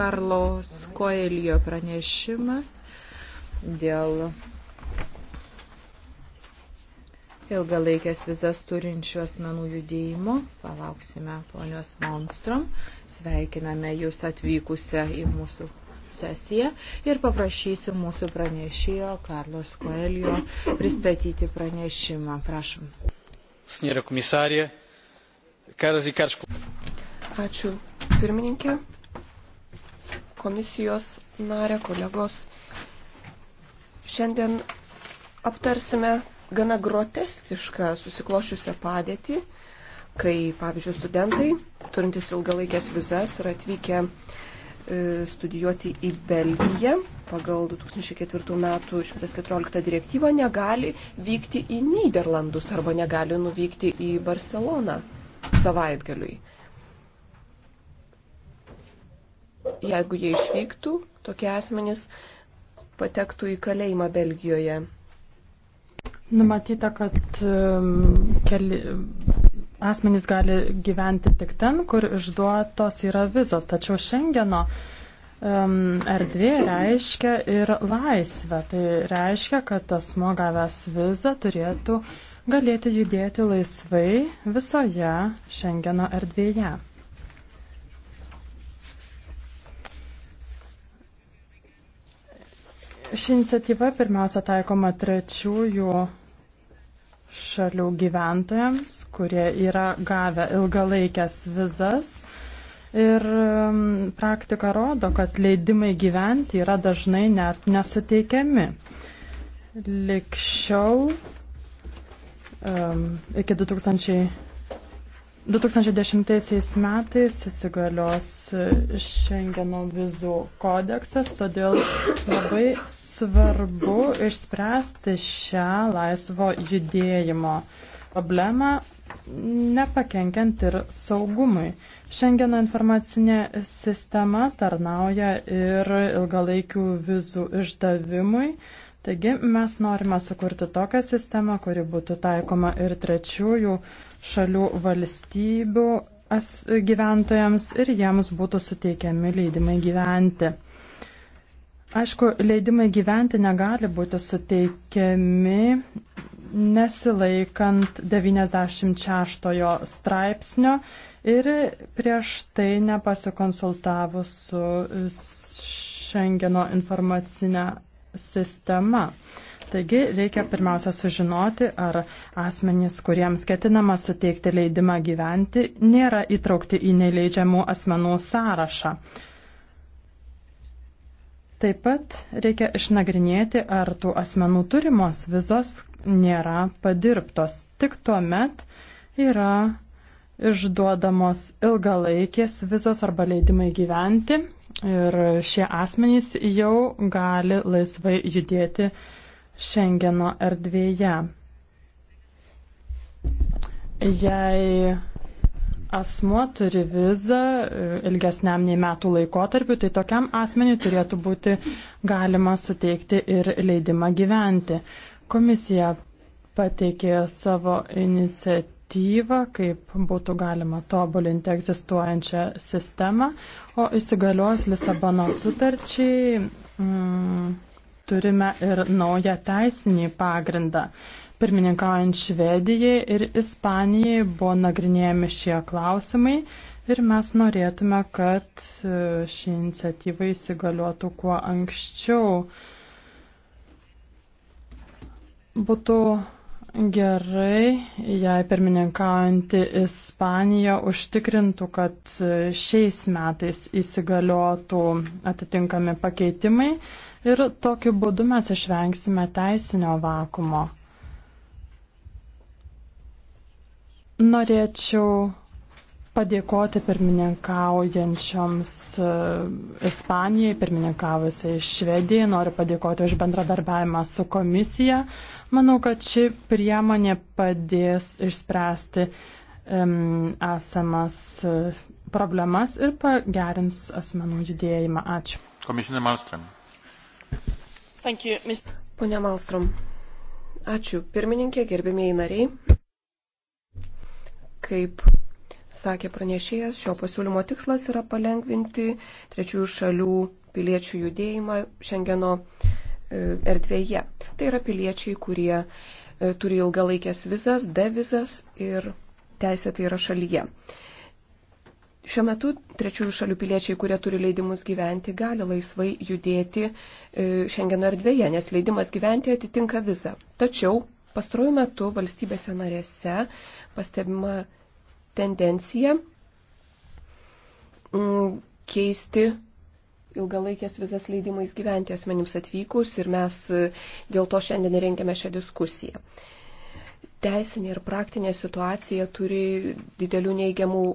Karlos Koelio pranešimas dėl ilgalaikės vizas turinčių asmenų judėjimo. Palauksime ponios Malmstrom. Sveikiname jūs atvykusią į mūsų sesiją ir paprašysiu mūsų pranešėjo Karlos Koelio pristatyti pranešimą. Prašom. E Ačiū, pirmininkė komisijos narę, kolegos. Šiandien aptarsime gana groteskišką susiklošiusią padėtį, kai, pavyzdžiui, studentai, turintys ilgalaikės vizas, yra atvykę e, studijuoti į Belgiją pagal 2004 metų 114 direktyvą negali vykti į Niderlandus arba negali nuvykti į Barceloną savaitgaliui. jeigu jie išvyktų, tokie asmenys patektų į kalėjimą Belgijoje. Numatyta, kad um, keli, asmenys gali gyventi tik ten, kur išduotos yra vizos, tačiau Šengeno um, erdvė reiškia ir laisvę. Tai reiškia, kad asmo gavęs vizą turėtų galėti judėti laisvai visoje Šengeno erdvėje. Ši iniciatyva pirmiausia taikoma trečiųjų šalių gyventojams, kurie yra gavę ilgalaikės vizas. Ir um, praktika rodo, kad leidimai gyventi yra dažnai net nesuteikiami. Likščiau um, iki 2000. 2010 metais įsigalios Schengeno vizų kodeksas, todėl labai svarbu išspręsti šią laisvo judėjimo problemą, nepakenkiant ir saugumui. Šengeno informacinė sistema tarnauja ir ilgalaikių vizų išdavimui. Taigi mes norime sukurti tokią sistemą, kuri būtų taikoma ir trečiųjų šalių valstybių gyventojams ir jiems būtų suteikiami leidimai gyventi. Aišku, leidimai gyventi negali būti suteikiami nesilaikant 96 straipsnio ir prieš tai nepasikonsultavus su Schengeno informacinė sistema. Taigi reikia pirmiausia sužinoti, ar asmenys, kuriems ketinama suteikti leidimą gyventi, nėra įtraukti į neįleidžiamų asmenų sąrašą. Taip pat reikia išnagrinėti, ar tų asmenų turimos vizos nėra padirbtos. Tik tuo met yra išduodamos ilgalaikės vizos arba leidimai gyventi ir šie asmenys jau gali laisvai judėti Šengeno erdvėje. Jei asmuo turi vizą e, ilgesniam nei metų laikotarpiu, tai tokiam asmeniui turėtų būti galima suteikti ir leidimą gyventi. Komisija pateikė savo iniciatyvą, kaip būtų galima tobulinti egzistuojančią sistemą, o įsigalios Lisabono sutarčiai. Mm, turime ir naują teisinį pagrindą. Pirmininkaujant Švedijai ir Ispanijai buvo nagrinėjami šie klausimai ir mes norėtume, kad e, ši iniciatyva įsigaliuotų kuo anksčiau. Būtų Gerai, jei pirmininkaujantį Ispaniją užtikrintų, kad e, šiais metais įsigaliotų atitinkami pakeitimai, ir tokiu būdu mes išvengsime teisinio vakumo. Norėčiau padėkoti pirmininkaujančioms e, Ispanijai, pirmininkavusiai Švedijai, noriu padėkoti už bendradarbiavimą su komisija. Manau, kad ši priemonė padės išspręsti um, esamas e, problemas ir pagerins asmenų judėjimą. Ačiū. Komisinė Malstrom. Pone Malstrom, ačiū pirmininkė, gerbėmiai nariai. Kaip sakė pranešėjas, šio pasiūlymo tikslas yra palengvinti trečiųjų šalių piliečių judėjimą Šengeno e, erdvėje. Tai yra piliečiai, kurie e, turi ilgalaikės vizas, D vizas ir teisėtai yra šalyje. Šiuo metu trečiųjų šalių piliečiai, kurie turi leidimus gyventi, gali laisvai judėti Šengeno e, erdvėje, nes leidimas gyventi atitinka vizą. Tačiau pastaruoju metu valstybėse narėse pastebima tendencija mm, keisti ilgalaikės vizas leidimais gyventi asmenims atvykus ir mes e, dėl to šiandien rengiame šią diskusiją. Teisinė ir praktinė situacija turi didelių neigiamų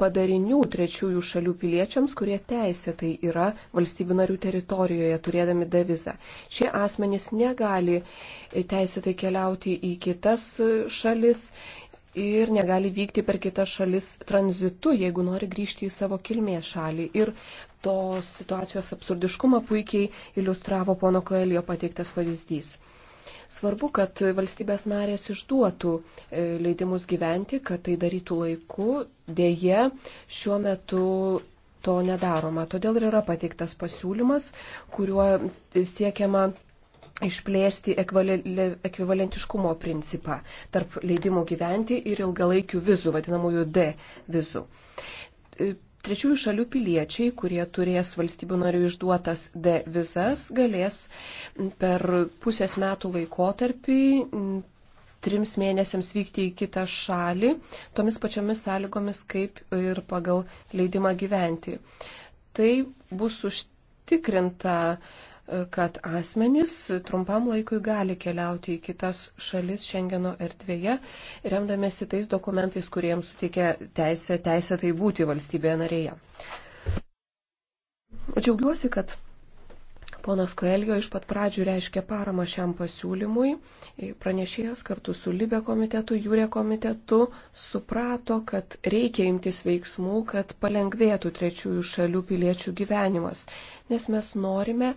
padarinių trečiųjų šalių piliečiams, kurie teisėtai yra valstybių narių teritorijoje turėdami devizą. Šie asmenys negali teisėtai keliauti į kitas šalis ir negali vykti per kitas šalis tranzitu, jeigu nori grįžti į savo kilmės šalį. Ir tos situacijos absurdiškumą puikiai iliustravo pono Koelio pateiktas pavyzdys. Svarbu, kad valstybės narės išduotų e, leidimus gyventi, kad tai darytų laiku. Deja, šiuo metu to nedaroma. Todėl ir yra pateiktas pasiūlymas, kuriuo siekiama išplėsti ekvivalentiškumo principą tarp leidimų gyventi ir ilgalaikių vizų, vadinamųjų D vizų e, Trečiųjų šalių piliečiai, kurie turės valstybių narių išduotas D vizas, galės per pusės metų laikotarpį trims mėnesiams vykti į kitą šalį, tomis pačiomis sąlygomis kaip ir pagal leidimą gyventi. Tai bus užtikrinta uh, kad asmenys trumpam laikui gali keliauti į kitas šalis Šengeno erdvėje, remdamėsi tais dokumentais, kuriems suteikia teisę, teisę tai būti valstybėje narėje. Džiaugiuosi, kad Ponas Koelio iš pat pradžių reiškė paramą šiam pasiūlymui. Pranešėjas kartu su Libė komitetu, Jūrė komitetu suprato, kad reikia imtis veiksmų, kad palengvėtų trečiųjų šalių piliečių gyvenimas, nes mes norime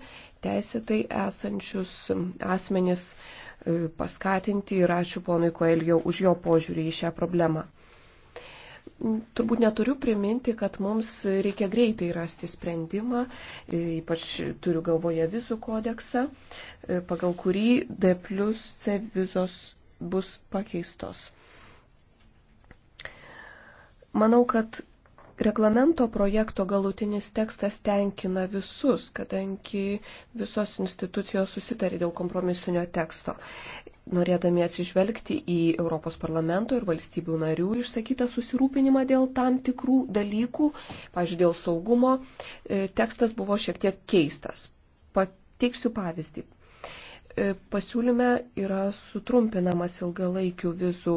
teisėtai esančius asmenis e, paskatinti ir ačiū ponui Koelgiau už jo požiūrį į šią problemą. Mm, turbūt neturiu priminti, kad mums reikia greitai rasti sprendimą, e, ypač turiu galvoje vizų kodeksą, e, pagal kurį D plus C vizos bus pakeistos. Manau, kad Reglamento projekto galutinis tekstas tenkina visus, kadangi visos institucijos susitarė dėl kompromisinio teksto. Norėdami atsižvelgti į Europos parlamento ir valstybių narių išsakytą susirūpinimą dėl tam tikrų dalykų, pažiūrėjau, dėl saugumo, e, tekstas buvo šiek tiek keistas. Pateiksiu pavyzdį. E, pasiūlyme yra sutrumpinamas ilgalaikių vizų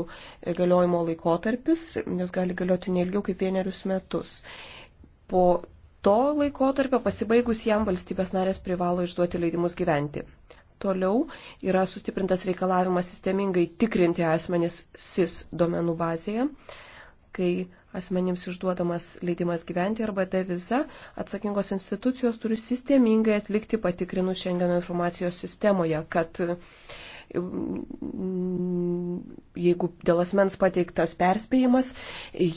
galiojimo laikotarpis, nes gali galioti neilgiau kaip vienerius metus. Po to laikotarpio pasibaigus jam valstybės narės privalo išduoti leidimus gyventi. Toliau yra sustiprintas reikalavimas sistemingai tikrinti asmenis SIS duomenų bazėje, kai asmenims išduodamas leidimas gyventi arba D viza, atsakingos institucijos turi sistemingai atlikti patikrinus Schengeno informacijos sistemoje, kad mm, jeigu dėl asmens pateiktas perspėjimas,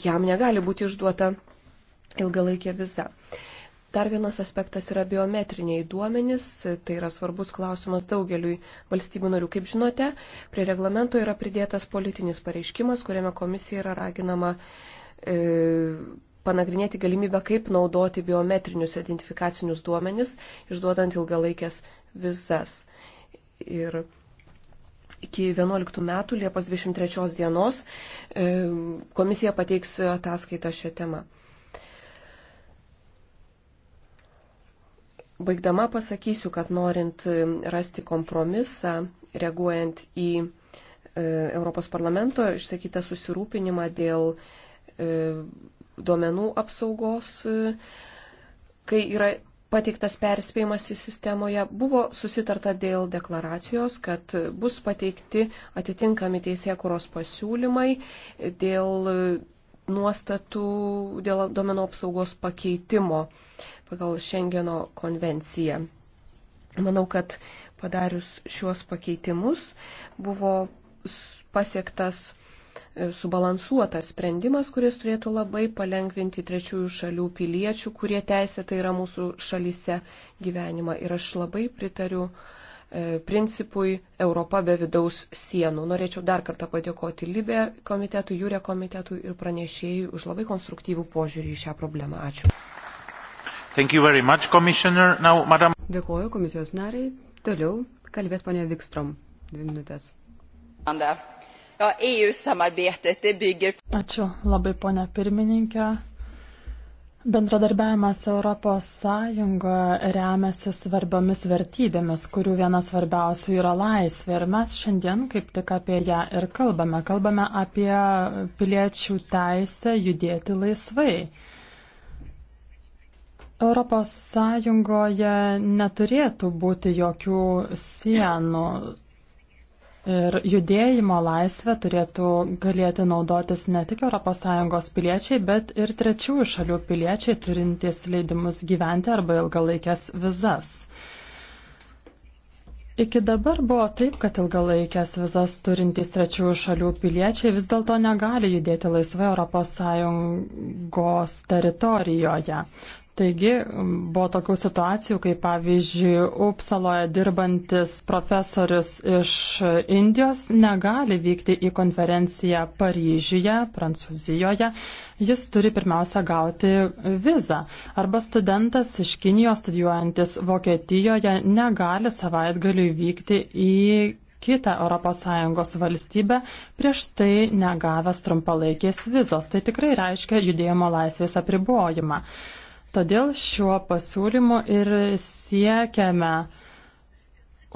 jam negali būti išduota ilgalaikė viza. Dar vienas aspektas yra biometriniai duomenys, tai yra svarbus klausimas daugeliui valstybių narių. Kaip žinote, prie reglamento yra pridėtas politinis pareiškimas, kuriame komisija yra raginama uh, E, panagrinėti galimybę, kaip naudoti biometrinius identifikacinius duomenis, išduodant ilgalaikės vizas. Ir iki 11 metų, Liepos 23 dienos, e, komisija pateiks ataskaitą šią temą. Baigdama pasakysiu, kad norint rasti kompromisą, reaguojant į e, Europos parlamento išsakytą susirūpinimą dėl uh, E, duomenų apsaugos, e, kai yra pateiktas perspėjimas į sistemoje, buvo susitarta dėl deklaracijos, kad bus pateikti atitinkami teisėkuros pasiūlymai dėl nuostatų dėl domenų apsaugos pakeitimo pagal Šengeno konvenciją. Manau, kad padarius šiuos pakeitimus buvo pasiektas subalansuotas sprendimas, kuris turėtų labai palengvinti trečiųjų šalių piliečių, kurie teisėtai yra mūsų šalyse gyvenimą. Ir aš labai pritariu e, principui Europa be vidaus sienų. Norėčiau dar kartą padėkoti Libė komitetui, Jūrė komitetui ir pranešėjui už labai konstruktyvų požiūrį į šią problemą. Ačiū. Much, Now, madam... Dėkuoju komisijos nariai. Toliau kalbės ponia Vikstrom. Dvi minutės. Anda. E Ačiū labai, ponia pirmininkė. Bendradarbiavimas Europos Sąjungoje remiasi svarbiomis vertybėmis, kurių viena svarbiausių yra laisvė. Ir mes šiandien kaip tik apie ją ir kalbame. Kalbame apie piliečių teisę judėti laisvai. Europos Sąjungoje neturėtų būti jokių sienų. Ir judėjimo laisvę turėtų galėti naudotis ne tik ES piliečiai, bet ir trečiųjų šalių piliečiai turintys leidimus gyventi arba ilgalaikės vizas. Iki dabar buvo taip, kad ilgalaikės vizas turintys trečiųjų šalių piliečiai vis dėlto negali judėti laisvai ES teritorijoje. Taigi buvo tokių situacijų, kai pavyzdžiui, Upsaloje dirbantis profesorius iš Indijos negali vykti į konferenciją Paryžiuje, Prancūzijoje. Jis turi pirmiausia gauti vizą. Arba studentas iš Kinijos studijuojantis Vokietijoje negali savaitgaliui vykti į kitą ES valstybę prieš tai negavęs trumpalaikės vizos. Tai tikrai reiškia judėjimo laisvės apribojimą. Todėl šiuo pasiūlymu ir siekiame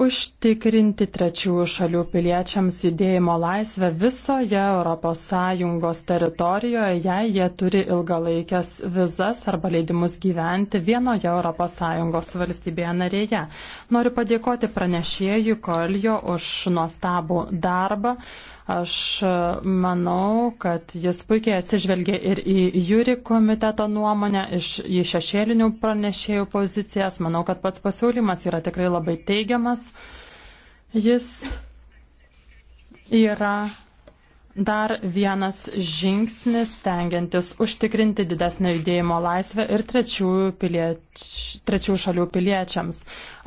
užtikrinti trečiųjų šalių piliečiams judėjimo laisvę visoje ES teritorijoje, jei jie turi ilgalaikės vizas arba leidimus gyventi vienoje ES valstybėje narėje. Noriu padėkoti pranešėjui Koljo už nuostabų darbą. Aš manau, kad jis puikiai atsižvelgia ir į jūri komiteto nuomonę, iš, į šešėlinių pranešėjų pozicijas. Manau, kad pats pasiūlymas yra tikrai labai teigiamas. Jis yra dar vienas žingsnis tengiantis užtikrinti didesnę judėjimo laisvę ir trečiųjų, pilieč, trečiųjų šalių piliečiams.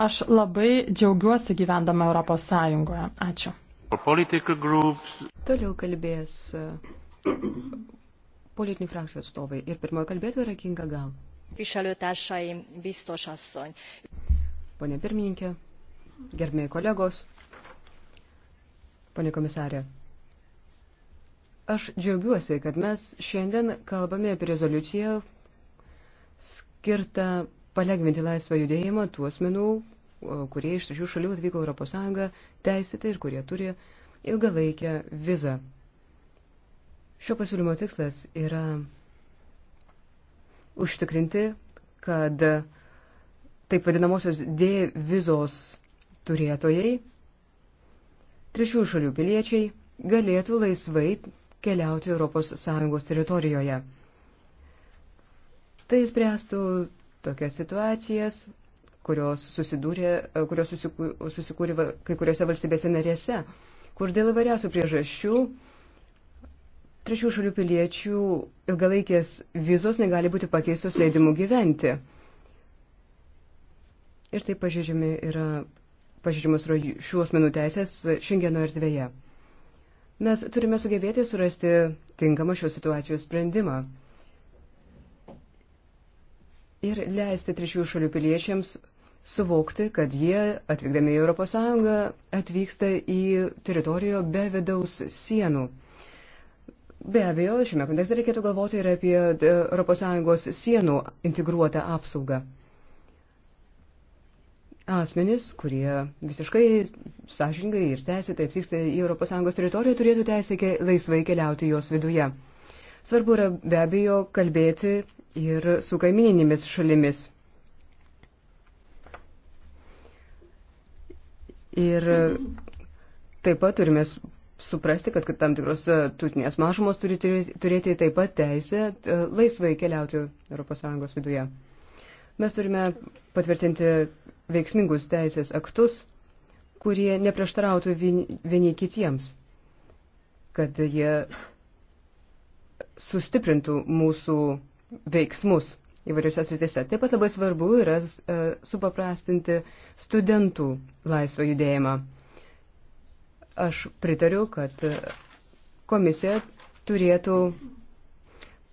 Aš labai džiaugiuosi gyvendama Europos Sąjungoje. Ačiū. Toliau kalbės uh, politinių frakcijų atstovai. Ir pirmoji kalbėtoja yra Kinga Gal. Viselőtársaim, biztos asszony. Pone pirmininkė, gerbėjai kolegos, pone komisarė. Aš džiaugiuosi, kad mes šiandien kalbame apie rezoliuciją skirtą palengvinti laisvą judėjimą tų asmenų, kurie iš trečių šalių atvyko Europos Sąjungą teisėtai ir kurie turi ilgalaikę vizą. Šio pasiūlymo tikslas yra užtikrinti, kad taip vadinamosios D vizos turėtojai, trečių šalių piliečiai, galėtų laisvai keliauti ES teritorijoje. Tai spręstų tokias situacijas, kurios, e, kurios susikūrė kai kuriuose valstybėse narėse, kur dėl įvairiausių priežasčių trečių šalių piliečių ilgalaikės vizos negali būti pakeistos leidimu gyventi. Ir taip pažeidžiami yra pažeidžiamos šių asmenų teisės šiandieno erdvėje. Mes turime sugebėti surasti tinkamą šios situacijos sprendimą ir leisti trečių šalių piliečiams suvokti, kad jie atvykdami į ES atvyksta į teritoriją be vidaus sienų. Be abejo, šiame kontekste reikėtų galvoti ir apie ES sienų integruotą apsaugą. Asmenys, kurie visiškai sąžingai ir teisėtai atvyksta į ES teritoriją, turėtų teisę laisvai keliauti jos viduje. Svarbu yra be abejo kalbėti ir su kaimininėmis šalimis. Ir e, taip pat turime suprasti, kad, kad tam tikros e, tautinės mažumos turi turėti taip pat teisę e, laisvai keliauti ES viduje. Mes turime patvirtinti veiksmingus teisės aktus, kurie neprieštarautų vieni, vieni kitiems, kad jie sustiprintų mūsų veiksmus įvairiose sritise. Taip pat labai svarbu yra e, supaprastinti studentų laisvą judėjimą. Aš pritariu, kad komisija turėtų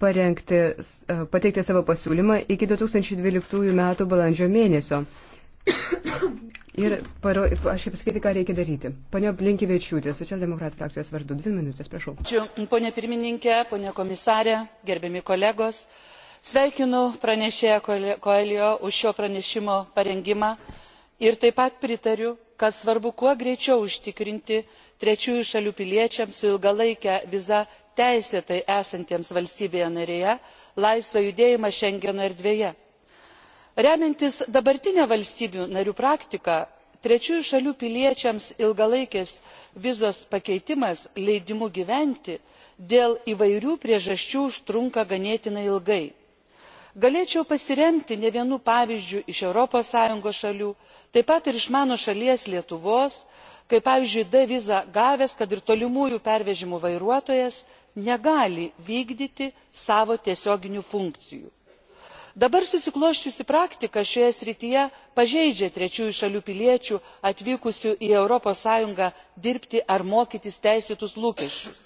parengti, e, pateikti savo pasiūlymą iki 2012 metų balandžio mėnesio. Ir paro, aš jau pasakyti, ką reikia daryti. Pane Blinkivečiūtė, Socialdemokratų frakcijos vardu, dvi minutės, prašau. Ačiū, ponė pirmininkė, ponė komisarė, gerbiami kolegos. Uh, sveikinu pranešėją coelho už šio pranešimo parengimą ir taip pat pritariu kad svarbu kuo greičiau užtikrinti trečiųjų šalių piliečiams su ilgalaike viza teisėtai esantiems valstybėje narėje laisvą judėjimą šengeno erdvėje. remiantis dabartine valstybių narių praktika trečiųjų šalių piliečiams ilgalaikės vizos pakeitimas leidimu gyventi dėl įvairių priežasčių užtrunka ganėtinai ilgai galėčiau pasiremti ne vienu pavyzdžiu iš europos sąjungos šalių taip pat ir iš mano šalies lietuvos kai pavyzdžiui d vizą gavęs kad ir tolimųjų pervežimų vairuotojas negali vykdyti savo tiesioginių funkcijų. dabar susiklosčiusi praktika šioje srityje pažeidžia trečiųjų šalių piliečių atvykusių į europos sąjungą dirbti ar mokytis teisėtus lūkesčius.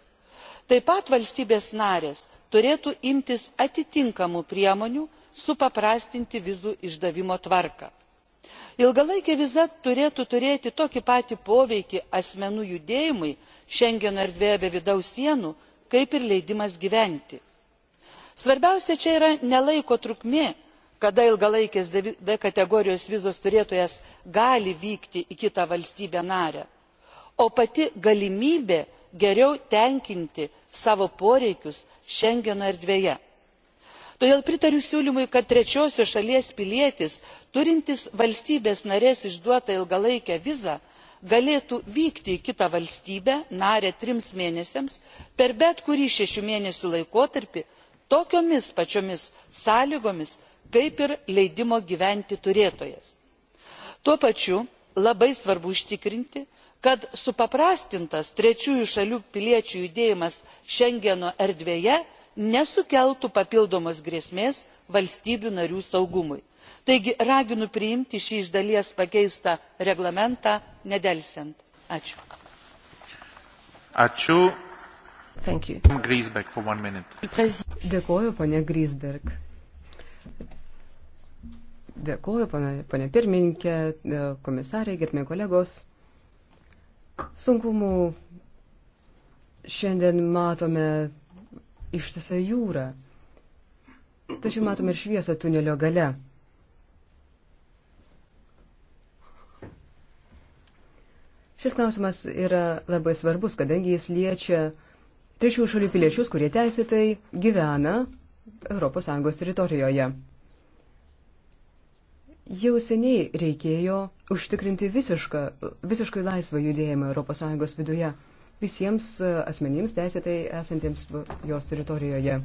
taip pat valstybės narės turėtų imtis atitinkamų priemonių supaprastinti vizų išdavimo tvarką. ilgalaikė viza turėtų turėti tokį patį poveikį asmenų judėjimui šengeno erdvėje be vidaus sienų kaip ir leidimas gyventi. svarbiausia čia yra ne laiko trukmė kada ilgalaikės d kategorijos vizos turėtojas gali vykti į kitą valstybę narę o pati galimybė geriau tenkinti savo poreikius šengeno erdvėje. todėl pritariu siūlymui kad trečiosios šalies pilietis turintis valstybės narės išduotą ilgalaikę vizą galėtų vykti į kitą valstybę narę trims mėnesiams per bet kurį šešių mėnesių laikotarpį tokiomis pačiomis sąlygomis kaip ir leidimo gyventi turėtojas. tuo pačiu labai svarbu užtikrinti kad supaprastintas trečiųjų šalių piliečių judėjimas šengeno erdvėje nesukeltų papildomos grėsmės valstybių narių saugumui. taigi raginu priimti šį iš dalies pakeistą reglamentą nedelsiant. ačiū. ačiū. Dėkuoju, ponė Grisberg. Dėkuoju, ponė pirmininkė, komisarė, gerbėjai kolegos. Sunkumų šiandien matome ištisą jūrą, tačiau matome ir šviesą tunelio gale. Šis klausimas yra labai svarbus, kadangi jis liečia trečių šalių piliečius, kurie teisėtai gyvena ES teritorijoje. Jau seniai reikėjo užtikrinti visišką, visiškai laisvą judėjimą ES viduje visiems e, asmenims teisėtai esantiems jos teritorijoje.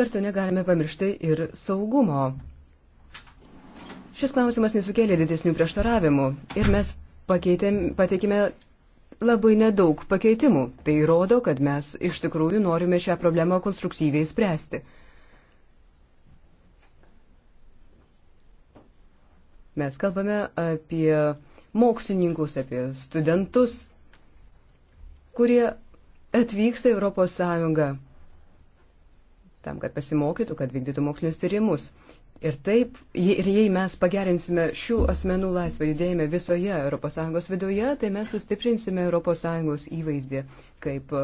Kartu negalime pamiršti ir saugumo. Šis klausimas nesukėlė didesnių prieštaravimų ir mes pakeitėm, pateikime labai nedaug pakeitimų. Tai rodo, kad mes iš tikrųjų norime šią problemą konstruktyviai spręsti. Mes kalbame apie mokslininkus, apie studentus, kurie atvyksta į Europos Sąjungą tam, kad pasimokytų, kad vykdytų mokslinius tyrimus. Ir taip, ir jei mes pagerinsime šių asmenų laisvą judėjimą visoje ES viduje, tai mes sustiprinsime ES įvaizdį kaip e,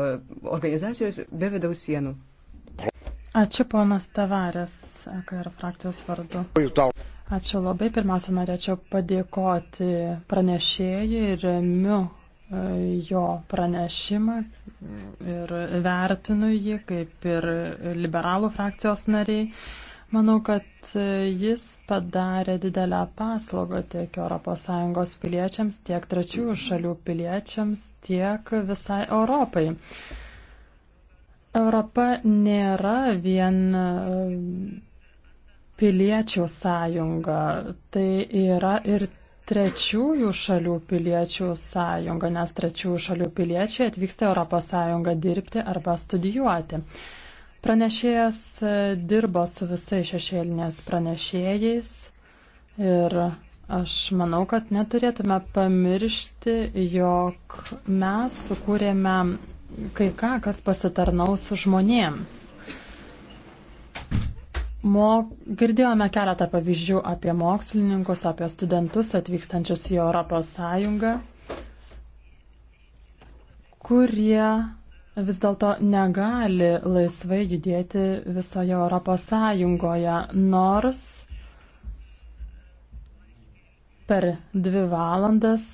organizacijos be vidaus sienų. Ačiū ponas Tavarės, KR frakcijos vardu. Ačiū labai. Pirmiausia, norėčiau padėkoti pranešėjai ir remiu e, jo pranešimą ir vertinu jį kaip ir liberalų frakcijos nariai. Manau, kad jis padarė didelę paslaugą tiek ES piliečiams, tiek trečiųjų šalių piliečiams, tiek visai Europai. Europa nėra vien e, piliečių sąjunga, tai yra ir trečiųjų šalių piliečių sąjunga, nes trečiųjų šalių piliečiai atvyksta ES dirbti arba studijuoti. Pranešėjas e, dirbo su visais šešėlinės pranešėjais ir aš manau, kad neturėtume pamiršti, jog mes sukūrėme kai ką, kas pasitarnaus žmonėms. Mo, girdėjome keletą pavyzdžių apie mokslininkus, apie studentus atvykstančius į Europos Sąjungą, kurie vis dėlto negali laisvai judėti visoje Europos Sąjungoje, nors per dvi valandas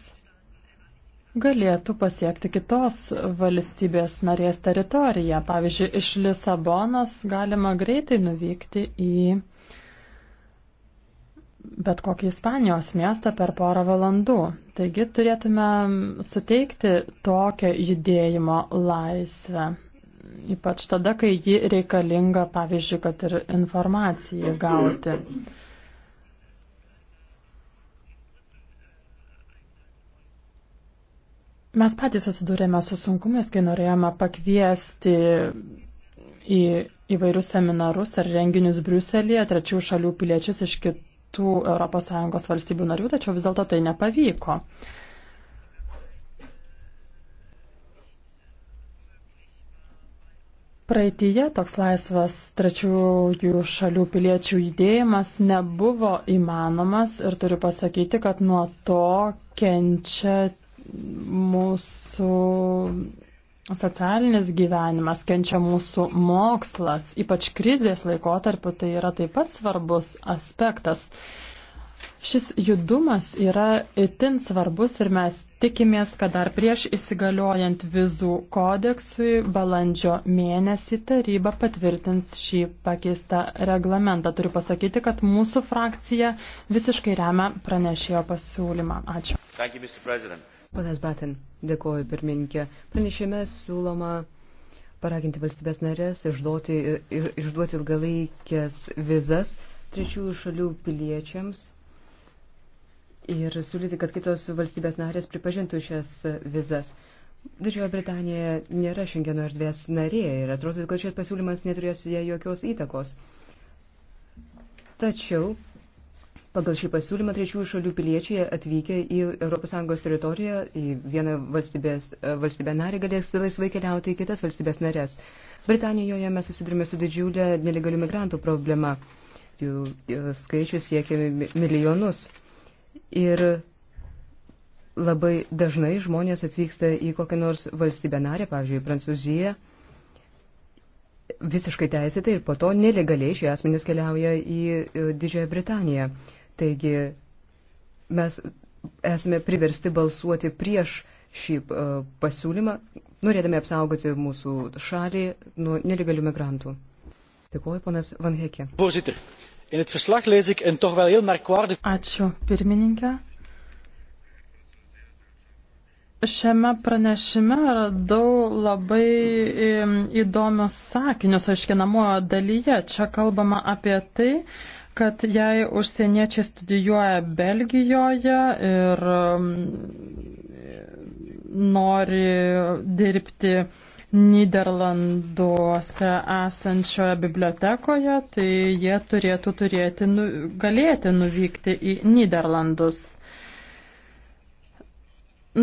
galėtų pasiekti kitos valstybės narės teritoriją. Pavyzdžiui, iš Lisabonos galima greitai nuvykti į bet kokį Ispanijos miestą per porą valandų. Taigi turėtume suteikti tokią judėjimo laisvę, ypač tada, kai ji reikalinga, pavyzdžiui, kad ir informacijai gauti. Mes patys susidūrėme su sunkumės, kai norėjome pakviesti į įvairius seminarus ar renginius Briuselėje trečių šalių piliečius iš kitų kitų ES valstybių narių, tačiau vis dėlto tai nepavyko. Praeityje toks laisvas trečiųjų šalių piliečių judėjimas nebuvo įmanomas ir turiu pasakyti, kad nuo to kenčia mūsų socialinis gyvenimas, kenčia mūsų mokslas, ypač krizės laikotarpiu tai yra taip pat svarbus aspektas. Šis judumas yra itin svarbus ir mes tikimės, kad dar prieš įsigaliojant vizų kodeksui balandžio mėnesį taryba patvirtins šį pakeistą reglamentą. Turiu pasakyti, kad mūsų frakcija visiškai remia pranešėjo pasiūlymą. Ačiū. Thank you, Panas Batin, dėkoju pirmininkė. Pranešime siūloma paraginti valstybės narės išduoti, išduoti ilgalaikės vizas trečiųjų šalių piliečiams ir siūlyti, kad kitos valstybės narės pripažintų šias vizas. Didžioji Britanija nėra šengeno erdvės narė ir atrodo, kad šis pasiūlymas neturės jai jokios įtakos. Tačiau Pagal šį pasiūlymą trečiųjų šalių piliečiai atvykę į ES teritoriją, į vieną valstybės, e, valstybę narį galės laisvai keliauti į kitas valstybės narės. Britanijoje mes susidurime su didžiulė nelegalių migrantų problema. Jų e, skaičius siekia milijonus. Ir labai dažnai žmonės atvyksta į kokią nors valstybę narę, pavyzdžiui, Prancūziją. Visiškai teisėtai ir po to nelegaliai šie asmenys keliauja į e, Didžiąją Britaniją. Taigi mes esame priversti balsuoti prieš šį e, pasiūlymą, norėdami apsaugoti mūsų šalį nuo neligalių migrantų. Dėkuoju, ponas Van Hekė. Ačiū, pirmininkė. Šiame pranešime radau labai įdomius sakinius aiškinamojo dalyje. Čia kalbama apie tai, kad jei užsieniečiai studijuoja Belgijoje ir um, nori dirbti Niderlanduose esančioje bibliotekoje, tai jie turėtų turėti, nu, galėti nuvykti į Niderlandus.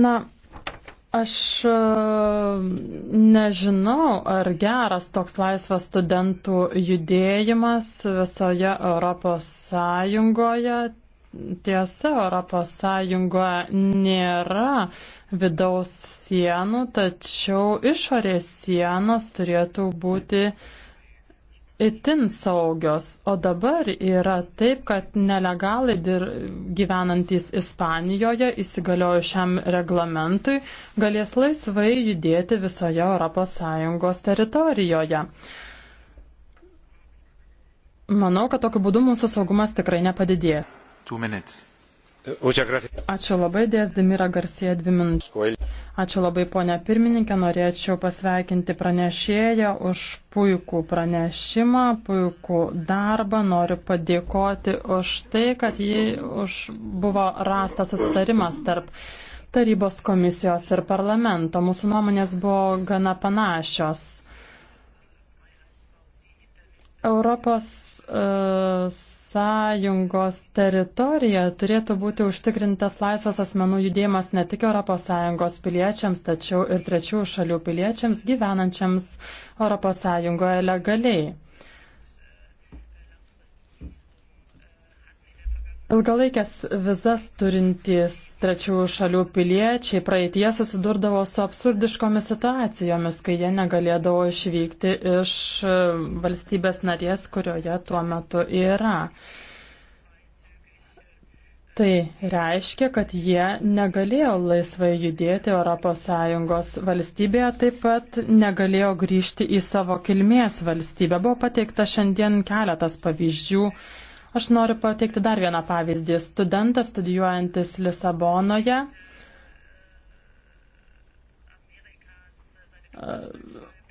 Na, Aš e, nežinau, ar geras toks laisvas studentų judėjimas visoje Europos Sąjungoje. Tiesa, Europos Sąjungoje nėra vidaus sienų, tačiau išorės sienos turėtų būti uh, itin saugios, o dabar yra taip, kad nelegalai dir, gyvenantis Ispanijoje įsigaliojus šiam reglamentui galės laisvai judėti visoje ES teritorijoje. Manau, kad tokiu būdu mūsų saugumas tikrai nepadidė. Ačiū labai, Dės Dimira Garsija, dvi minutės. Ačiū labai, ponia pirmininkė. Norėčiau pasveikinti pranešėją už puikų pranešimą, puikų darbą. Noriu padėkoti už tai, kad jį už buvo rastas susitarimas tarp tarybos komisijos ir parlamento. Mūsų nuomonės buvo gana panašios. Europos uh, Sąjungos teritorija turėtų būti užtikrintas laisvas asmenų judėjimas ne tik ES piliečiams, tačiau ir trečiųjų šalių piliečiams gyvenančiams ES legaliai. Ilgalaikės vizas turintys trečiųjų šalių piliečiai praeitie susidurdavo su absurdiškomis situacijomis, kai jie negalėdavo išvykti iš e, valstybės narės, kurioje tuo metu yra. Tai reiškia, kad jie negalėjo laisvai judėti ES valstybėje, taip pat negalėjo grįžti į savo kilmės valstybę. Buvo pateikta šiandien keletas pavyzdžių Aš noriu pateikti dar vieną pavyzdį. Studentas studijuojantis Lisabonoje e,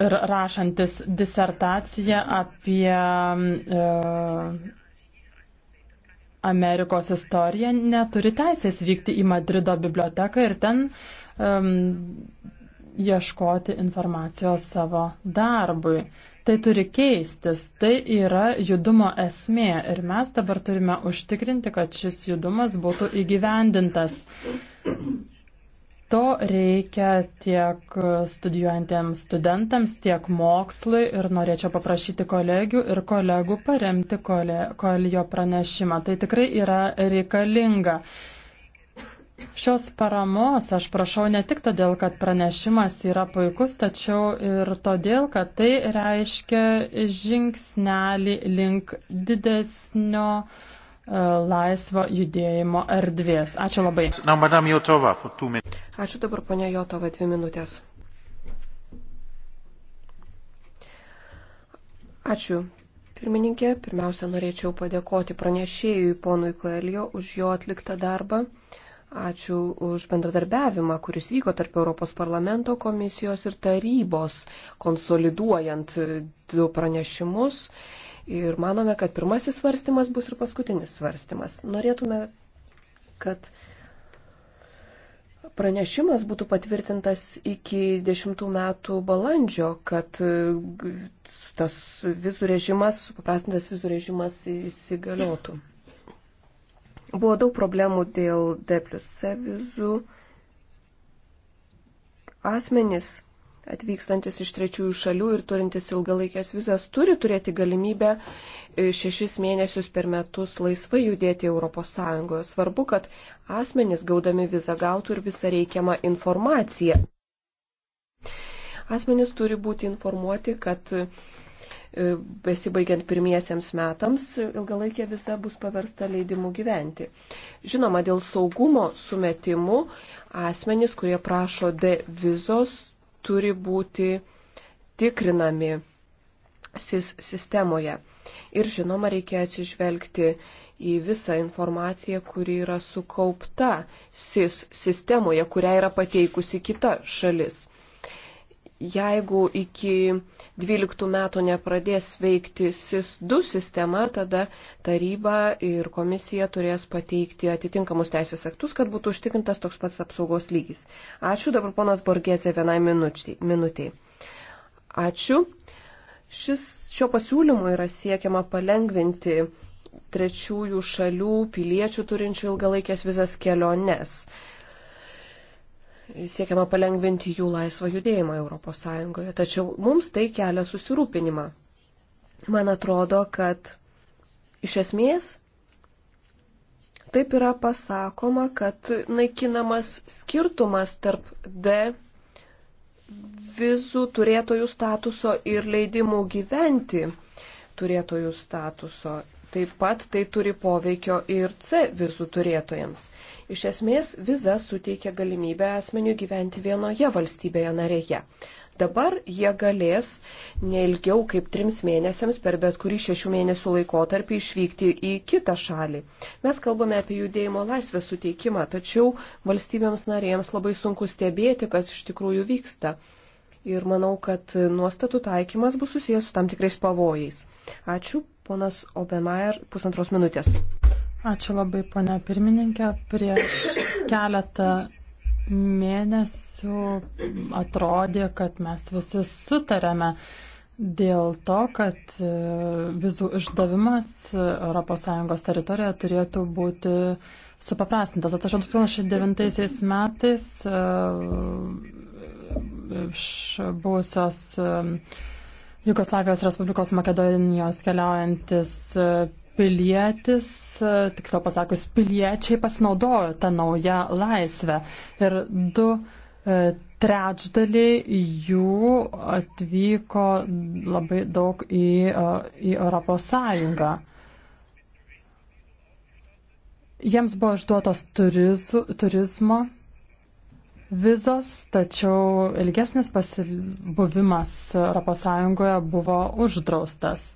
ir rašantis disertaciją apie e, Amerikos istoriją neturi teisės vykti į Madrido biblioteką ir ten um, ieškoti informacijos savo darbui. Tai turi keistis, tai yra judumo esmė ir mes dabar turime užtikrinti, kad šis judumas būtų įgyvendintas. To reikia tiek studijuojantiems studentams, tiek mokslui ir norėčiau paprašyti kolegių ir kolegų paremti kolio pranešimą. Tai tikrai yra reikalinga. Šios paramos aš prašau ne tik todėl, kad pranešimas yra puikus, tačiau ir todėl, kad tai reiškia žingsnelį link didesnio uh, laisvo judėjimo erdvės. Ačiū labai. Ačiū dabar, ponia Jotova, dvi minutės. Ačiū. Pirmininkė, pirmiausia, norėčiau padėkoti pranešėjui ponui Koelio už jo atliktą darbą. Uh, Ačiū už bendradarbiavimą, kuris vyko tarp Europos parlamento komisijos ir tarybos, konsoliduojant du pranešimus. Ir manome, kad pirmasis svarstymas bus ir paskutinis svarstymas. Norėtume, kad pranešimas būtų patvirtintas iki 10 metų balandžio, kad tas vizų režimas, supaprastintas vizų režimas įsigaliotų. Buvo daug problemų dėl D plus C vizų. Asmenys atvykstantis iš trečiųjų šalių ir turintis ilgalaikės vizas turi turėti galimybę e, šešis mėnesius per metus laisvai judėti ES. Svarbu, kad asmenys gaudami vizą gautų ir visą reikiamą informaciją. Asmenys turi būti informuoti, kad E, besibaigiant pirmiesiems metams ilgalaikė viza bus paversta leidimu gyventi. Žinoma, dėl saugumo sumetimų asmenys, kurie prašo D vizos, turi būti tikrinami SIS sistemoje. Ir žinoma, reikia atsižvelgti į visą informaciją, kuri yra sukaupta SIS sistemoje, kurią yra pateikusi kita šalis jeigu iki 12 metų nepradės veikti SIS-2 sistema, tada taryba ir komisija turės pateikti atitinkamus teisės aktus, kad būtų užtikrintas toks pats apsaugos lygis. Ačiū dabar ponas Borgėse vienai minutiai. Ačiū. Šis, šio pasiūlymu yra siekiama palengventi trečiųjų šalių piliečių turinčių ilgalaikės vizas keliones siekiama palengventi jų laisvą judėjimą ES. Tačiau mums tai kelia susirūpinimą. Man atrodo, kad iš esmės taip yra pasakoma, kad naikinamas skirtumas tarp D vizų turėtojų statuso ir leidimų gyventi turėtojų statuso. Taip pat tai turi poveikio ir C vizų turėtojams. Iš esmės, viza suteikia galimybę asmeniu gyventi vienoje valstybėje narėje. Dabar jie galės neilgiau kaip trims mėnesiams per bet kurį šešių mėnesių laikotarpį išvykti į kitą šalį. Mes kalbame apie judėjimo laisvės suteikimą, tačiau valstybėms narėjams labai sunku stebėti, kas iš tikrųjų vyksta. Ir manau, kad nuostatų taikymas bus susijęs su tam tikrais pavojais. Ačiū, ponas Obemeyer, pusantros minutės. Ačiū labai, ponia pirmininkė. Prieš keletą mėnesių atrodė, kad mes visi sutarėme dėl to, kad e, vizų išdavimas ES teritorijoje turėtų būti supaprastintas. Atsiprašau, 2009 metais e, iš buvusios e, Jugoslavijos Respublikos Makedonijos keliaujantis pilietis, tiksliau pasakius, piliečiai pasinaudojo tą naują laisvę. Ir du e, trečdaliai jų atvyko labai daug į, e, į Europos Sąjungą. Jiems buvo išduotos turizu, turizmo vizos, tačiau ilgesnis pasibuvimas ES buvo uždraustas.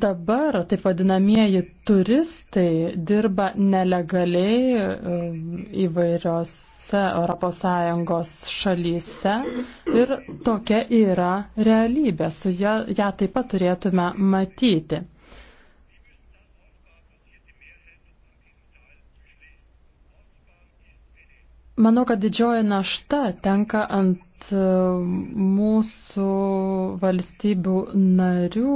Dabar taip vadinamieji turistai dirba nelegaliai um, įvairiose ES šalyse ir tokia yra realybė, su ja, ją ja taip pat turėtume matyti. Manau, kad didžioji našta tenka ant e, mūsų valstybių narių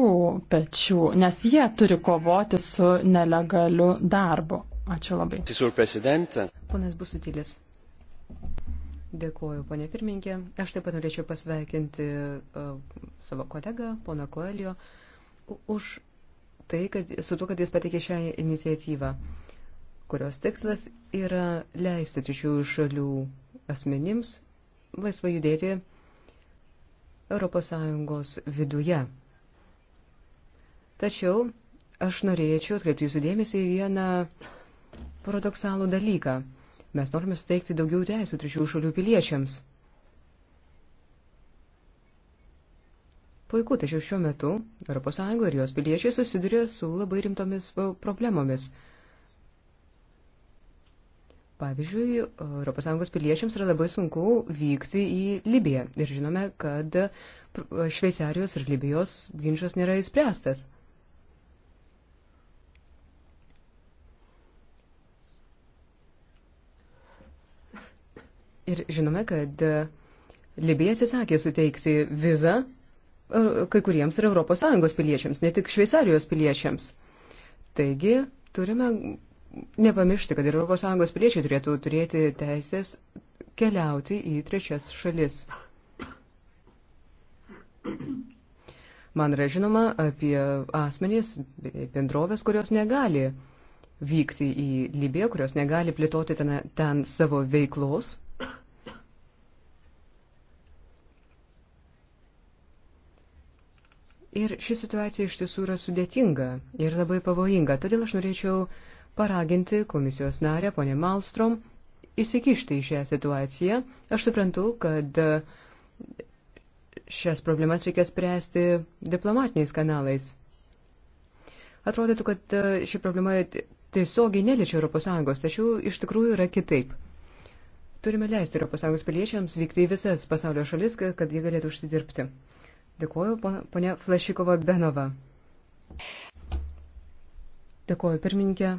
pečių, nes jie turi kovoti su nelegaliu darbu. Ačiū labai. Ponas Busutilis. Dėkuoju, ponė pirmininkė. Aš taip pat norėčiau pasveikinti uh, savo kolegą, poną Koelio, už tai, kad, su to, kad jis pateikė šią iniciatyvą. Uh, kurios tikslas yra leisti trečiųjų šalių asmenims laisvai judėti ES viduje. Tačiau aš norėčiau atkreipti jūsų dėmesį į vieną paradoksalų dalyką. Mes norime suteikti daugiau teisų trečiųjų šalių piliečiams. Puiku, tačiau šiuo metu ES ir jos piliečiai susiduria su labai rimtomis problemomis. Pavyzdžiui, ES piliečiams yra labai sunku vykti į Libiją ir žinome, kad Šveicarijos ir Libijos ginčas nėra įspręstas. Ir žinome, kad Libija atsisakė suteikti vizą e, kai kuriems ir ES piliečiams, ne tik Šveicarijos piliečiams. Taigi turime nepamiršti, kad ir ES piliečiai turėtų turėti teisės keliauti į trečias šalis. Man yra žinoma apie asmenys, bendrovės, kurios negali vykti į Libiją, kurios negali plėtoti ten, ten savo veiklos. Ir ši situacija iš tiesų yra sudėtinga ir labai pavojinga. Todėl aš norėčiau uh, paraginti komisijos narę, ponė Malstrom, įsikišti į šią situaciją. Aš suprantu, kad šias problemas reikia spręsti diplomatiniais kanalais. Atrodytų, kad ši problema tiesiogiai neliečia ES, tačiau iš tikrųjų yra kitaip. Turime leisti ES piliečiams vykti į visas pasaulio šalis, kad jie galėtų užsidirbti. Dėkuoju, ponia Flašikova Benova. Dėkuoju, pirmininkė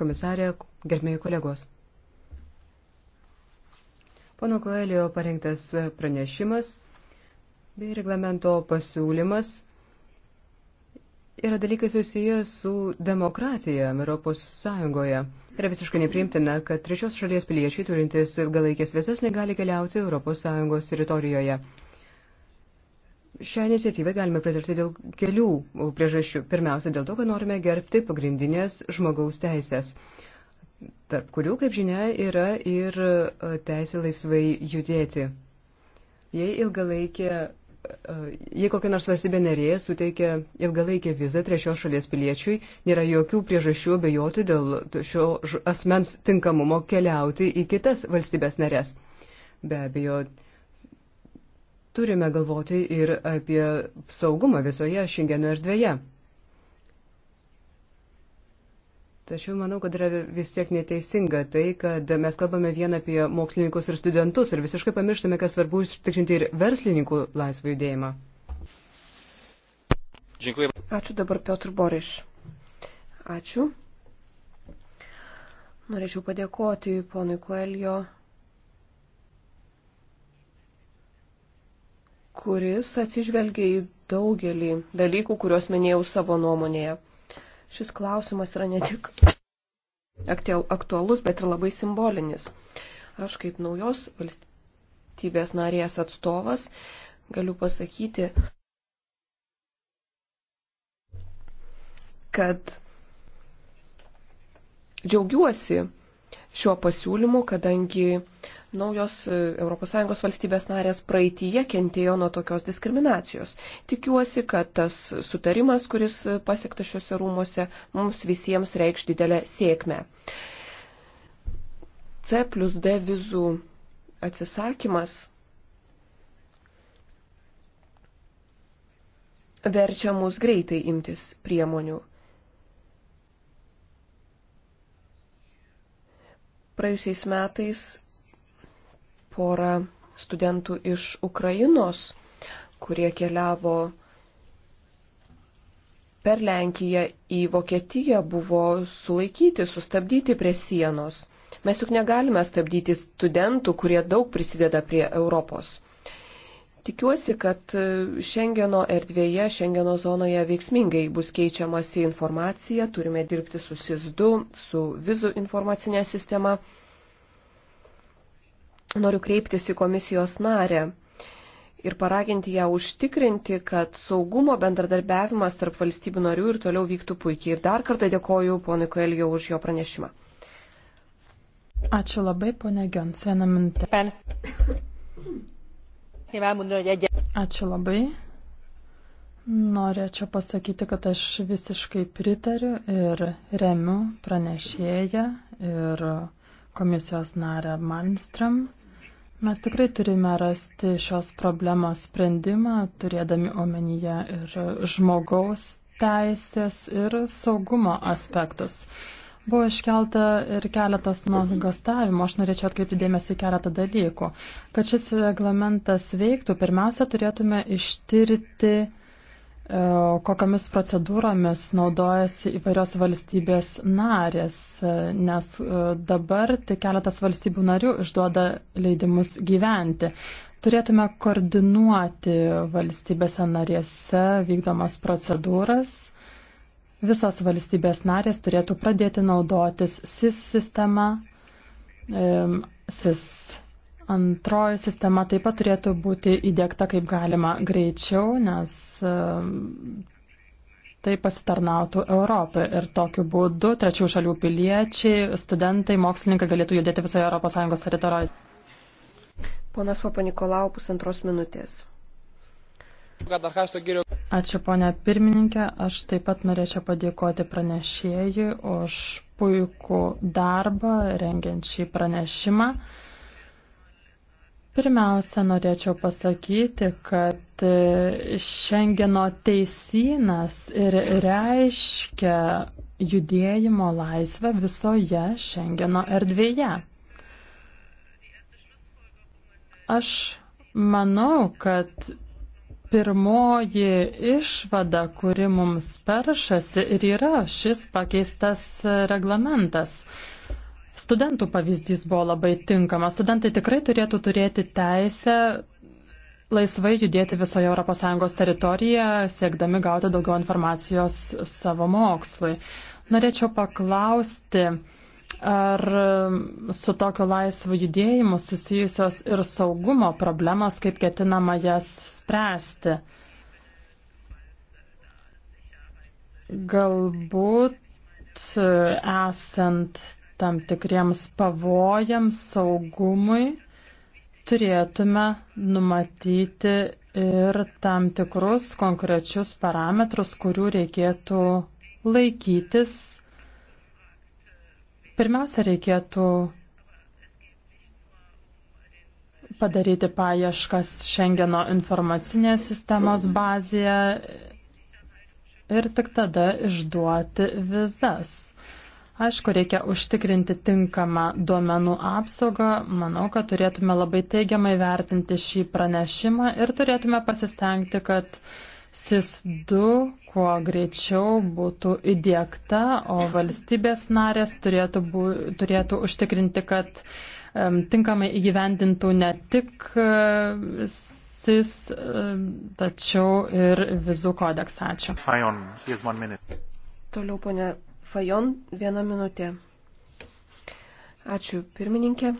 komisarė, gerbėjai kolegos. Pono Koelio parengtas pranešimas bei reglamento pasiūlymas yra dalykai susiję su demokratija Europos Sąjungoje. Yra visiškai nepriimtina, kad trečios šalies piliečiai turintys ilgalaikės visas negali keliauti Europos Sąjungos teritorijoje. Šią iniciatyvą galime pritarti dėl kelių priežasčių. Pirmiausia, dėl to, kad norime gerbti pagrindinės žmogaus teisės, tarp kurių, kaip žinia, yra ir e, teisė laisvai judėti. Jei ilgalaikė, e, jei kokia nors valstybė narė suteikia ilgalaikę vizą trečios šalies piliečiui, nėra jokių priežasčių abejoti dėl šio asmens tinkamumo keliauti į kitas valstybės narės. Be abejo, turime galvoti ir apie saugumą visoje šengeno erdvėje. Tačiau manau, kad yra vis tiek neteisinga tai, kad mes kalbame vien apie mokslininkus ir studentus ir visiškai pamirštame, kas svarbu užtikrinti ir verslininkų laisvą judėjimą. Dziękuję. Ačiū dabar Piotr Boriš. Ačiū. Norėčiau padėkoti ponui Koelio kuris atsižvelgia į daugelį dalykų, kuriuos minėjau savo nuomonėje. Šis klausimas yra ne tik aktualus, bet ir labai simbolinis. Aš kaip naujos valstybės narės atstovas galiu pasakyti, kad džiaugiuosi šiuo pasiūlymu, kadangi naujos ES valstybės narės praeitie kentėjo nuo tokios diskriminacijos. Tikiuosi, kad tas sutarimas, kuris pasiektas šiuose rūmose, mums visiems reikš didelę sėkmę. C plus D vizų atsisakymas verčia mus greitai imtis priemonių. Praėjusiais metais porą studentų iš Ukrainos, kurie keliavo per Lenkiją į Vokietiją buvo sulaikyti, sustabdyti prie sienos. Mes juk negalime stabdyti studentų, kurie daug prisideda prie Europos. Tikiuosi, kad Šengeno erdvėje, Šengeno zonoje veiksmingai bus keičiamasi informacija, turime dirbti su SIS2, su vizų informacinė sistema noriu kreiptis į komisijos narę ir paraginti ją užtikrinti, kad saugumo bendradarbiavimas tarp valstybių narių ir toliau vyktų puikiai. Ir dar kartą dėkoju ponui Koelio už jo pranešimą. Ačiū labai, ponia Gions, vieną minutę. Ačiū labai. Norėčiau pasakyti, kad aš visiškai pritariu ir remiu pranešėją ir komisijos narę Malmström. Mes tikrai turime rasti šios problemos sprendimą, turėdami omenyje ir žmogaus teisės ir saugumo aspektus. Buvo iškelta ir keletas nuogastavimų, aš norėčiau atkreipti dėmesį į keletą dalykų. Kad šis reglamentas veiktų, pirmiausia, turėtume ištirti E, kokiamis procedūromis naudojasi įvairios valstybės narės, e, nes e, dabar tik keletas valstybių narių išduoda leidimus gyventi. Turėtume koordinuoti valstybėse narėse vykdomas procedūras. Visos valstybės narės turėtų pradėti naudotis SIS sistema, SIS Antroji sistema taip pat turėtų būti įdėkta kaip galima greičiau, nes e, tai pasitarnautų Europai ir tokiu būdu trečių šalių piliečiai, studentai, mokslininkai galėtų judėti visoje ES teritorijoje. Ponas Papa Nikolau, pusantros minutės. Ačiū ponia pirmininkė, aš taip pat norėčiau padėkoti pranešėjui už puikų darbą rengiant šį pranešimą. Pirmiausia, norėčiau pasakyti, kad Šengeno e, teisynas ir reiškia judėjimo laisvę visoje Šengeno erdvėje. Aš manau, kad pirmoji išvada, kuri mums peršasi ir yra šis pakeistas reglamentas. Studentų pavyzdys buvo labai tinkamas. Studentai tikrai turėtų turėti teisę laisvai judėti visoje ES teritorijoje, siekdami gauti daugiau informacijos savo mokslui. Norėčiau paklausti, ar su tokiu laisvu judėjimu susijusios ir saugumo problemas, kaip ketinama jas spręsti. Galbūt esant tam tikriems pavojams, saugumui, turėtume numatyti ir tam tikrus konkrečius parametrus, kurių reikėtų laikytis. Pirmiausia, reikėtų padaryti paieškas Šengeno informacinės sistemos bazėje ir tik tada išduoti vizas. Aišku, reikia užtikrinti tinkamą duomenų apsaugą. Manau, kad turėtume labai teigiamai vertinti šį pranešimą ir turėtume pasistengti, kad SIS2 kuo greičiau būtų įdėkta, o valstybės narės turėtų, bū, turėtų užtikrinti, kad um, tinkamai įgyvendintų ne tik uh, SIS, uh, tačiau ir vizų kodeksą. Ačiū. Fajon, toliau ponė Fajon, vieną minutę. Ačiū, pirmininkė.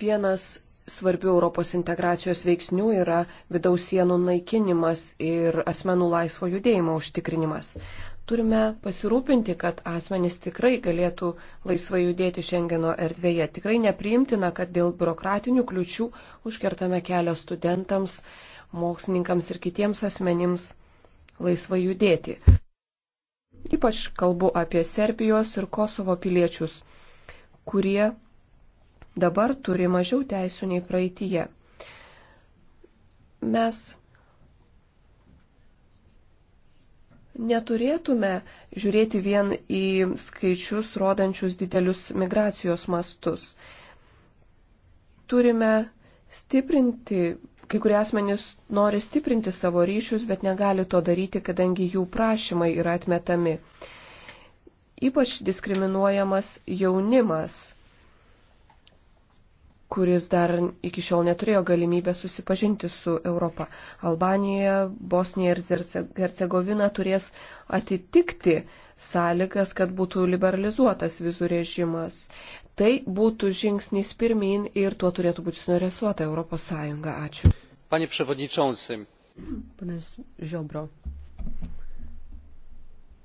Vienas svarbių Europos integracijos veiksnių yra vidaus sienų naikinimas ir asmenų laisvo judėjimo užtikrinimas. Turime pasirūpinti, kad asmenys tikrai galėtų laisvai judėti Šengeno erdvėje. Tikrai nepriimtina, kad dėl biurokratinių kliučių užkertame kelią studentams, mokslininkams ir kitiems asmenims laisvai judėti. Ypač kalbu apie Serbijos ir Kosovo piliečius, kurie dabar turi mažiau teisų nei praeitie. Mes neturėtume žiūrėti vien į skaičius rodančius didelius migracijos mastus. Turime stiprinti Kai kurie asmenys nori stiprinti savo ryšius, bet negali to daryti, kadangi jų prašymai yra atmetami. Ypač diskriminuojamas jaunimas, kuris dar iki šiol neturėjo galimybę susipažinti su Europą. Albanija, Bosnija ir Hercegovina turės atitikti sąlygas, kad būtų liberalizuotas vizų režimas. Tai būtų žingsnis pirmin ir tuo turėtų būti suinteresuota Europos Sąjunga. Ačiū. Panie Przewodniczący. Panas Žiobro.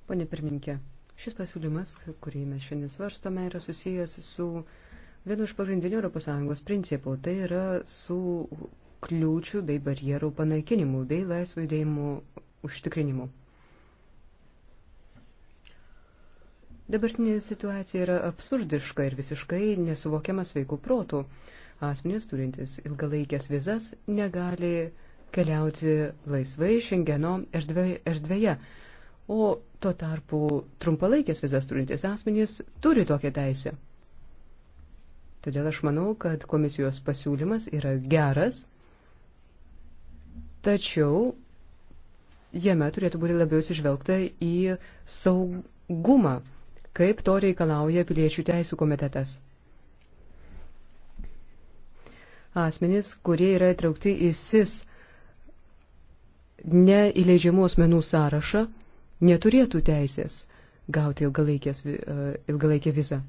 Pane pirmininkė, šis pasiūlymas, kurį mes šiandien svarstame, yra susijęs su vienu iš pagrindinių ES principų. Tai yra su kliūčių bei barjerų panaikinimu bei laisvų judėjimų užtikrinimu. Dabartinė situacija yra absurdiška ir visiškai nesuvokiama sveikų protų. Asmenys turintys ilgalaikės vizas negali keliauti laisvai Šengeno erdvėje, o tuo tarpu trumpalaikės vizas turintys asmenys turi tokią teisę. Todėl aš manau, kad komisijos pasiūlymas yra geras, tačiau jame turėtų būti labiau atsižvelgta į saugumą kaip to reikalauja piliečių teisų komitetas. Asmenys, kurie yra įtraukti į SIS neįleidžiamų asmenų sąrašą, neturėtų teisės gauti e, ilgalaikę vizą.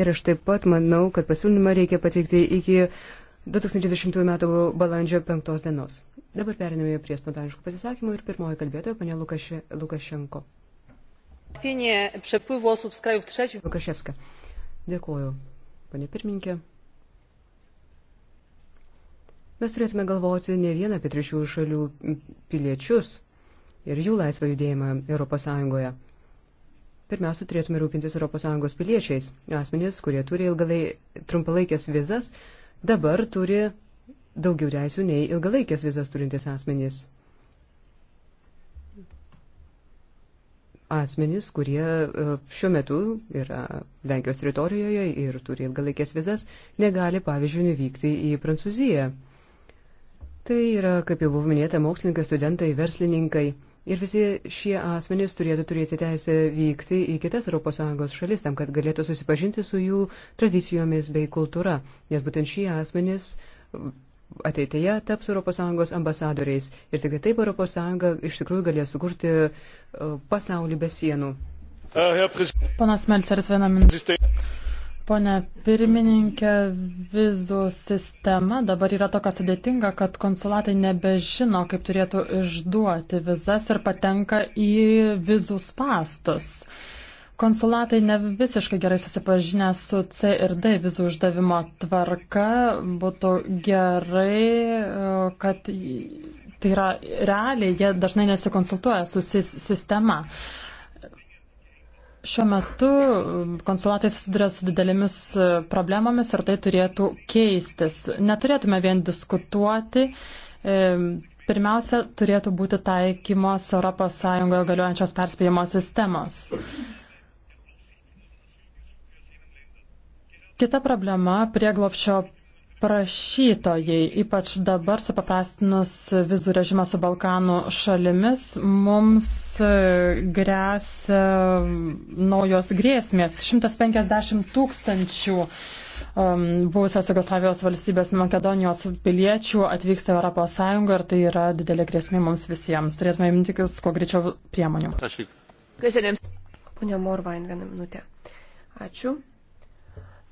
Ir aš taip pat manau, kad pasiūlymą reikia pateikti iki 2010 m. balandžio 5 dienos. Dabar periname prie spontaniškų pasisakymų ir pirmoji kalbėtoja, panė Lukašenko. Lukaševska. Dėkuoju, ponė pirmininkė. Mes turėtume galvoti ne vieną apie trečiųjų šalių piliečius ir jų laisvą judėjimą ES. Pirmiausia, turėtume rūpintis ES piliečiais. Asmenys, kurie turi ilgalai, trumpalaikės vizas, dabar turi daugiau teisų nei ilgalaikės vizas turintys asmenys. asmenys, kurie e, šiuo metu yra Lenkijos teritorijoje ir turi ilgalaikės vizas, negali, pavyzdžiui, nuvykti į Prancūziją. Tai yra, kaip jau buvo minėta, mokslininkai, studentai, verslininkai. Ir visi šie asmenys turėtų turėti teisę vykti į kitas ES šalis, tam, kad galėtų susipažinti su jų tradicijomis bei kultūra, nes būtent šie asmenys ateityje taps ES ambasadoriais ir tik tai taip ES iš tikrųjų galės sukurti e, pasaulį be sienų. Äh, Panas Melceris vieną minutę. Pone pirmininkė, vizų sistema dabar yra tokia sudėtinga, kad konsulatai nebežino, kaip turėtų išduoti vizas ir patenka į vizų spastus. Uh, Konsulatai ne visiškai gerai susipažinę su C ir D vizų uždavimo tvarka. Būtų gerai, e, kad tai yra realiai, jie dažnai nesikonsultuoja su sistema. Šiuo metu konsulatai susiduria su didelėmis e, problemomis ir tai turėtų keistis. Neturėtume vien diskutuoti. E, pirmiausia, turėtų būti taikymos ES galiojančios perspėjimo sistemos. Kita problema - prieglopšio prašytojai, ypač dabar supaprastinus vizų režimą su Balkanų šalimis, mums e, grėsia e, naujos grėsmės. 150 tūkstančių um, buvusios Jugoslavijos valstybės Makedonijos piliečių atvyksta Europos Sąjungą ir tai yra didelė grėsmė mums visiems. Turėtume imtis kuo greičiau priemonių. Köszönöm. Ponia Morvain, vieną minutę. Ačiū.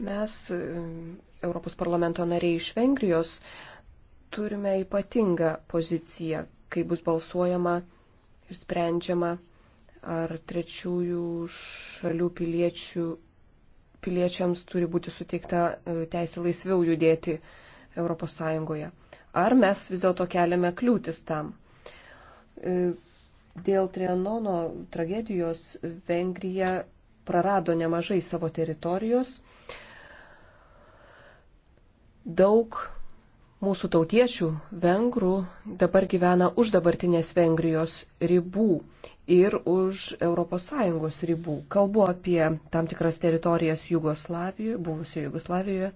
Mes, e, Europos parlamento nariai iš Vengrijos, turime ypatingą poziciją, kai bus balsuojama ir sprendžiama, ar trečiųjų šalių piliečių, piliečiams turi būti suteikta e, teisė laisviau judėti ES. Ar mes vis dėlto keliame kliūtis tam? E, dėl Trianono tragedijos Vengrija prarado nemažai savo teritorijos Daug mūsų tautiečių, vengrų, dabar gyvena už dabartinės Vengrijos ribų ir už ES ribų. Kalbu apie tam tikras teritorijas Jugoslavijoje, buvusioje Jugoslavijoje